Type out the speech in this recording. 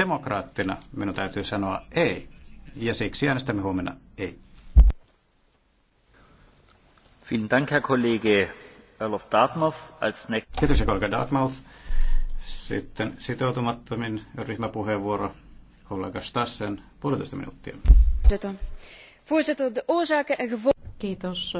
Demokraattina minun täytyy sanoa ei, ja siksi äänestämme huomenna ei. Vielen Dank, Herr Kollege Earl of Dartmouth. Als next... Kiitos, kollega Dartmouth. Sitten sitoutumattomin ryhmäpuheenvuoro kollega Stassen, puolitoista minuuttia. Kiitos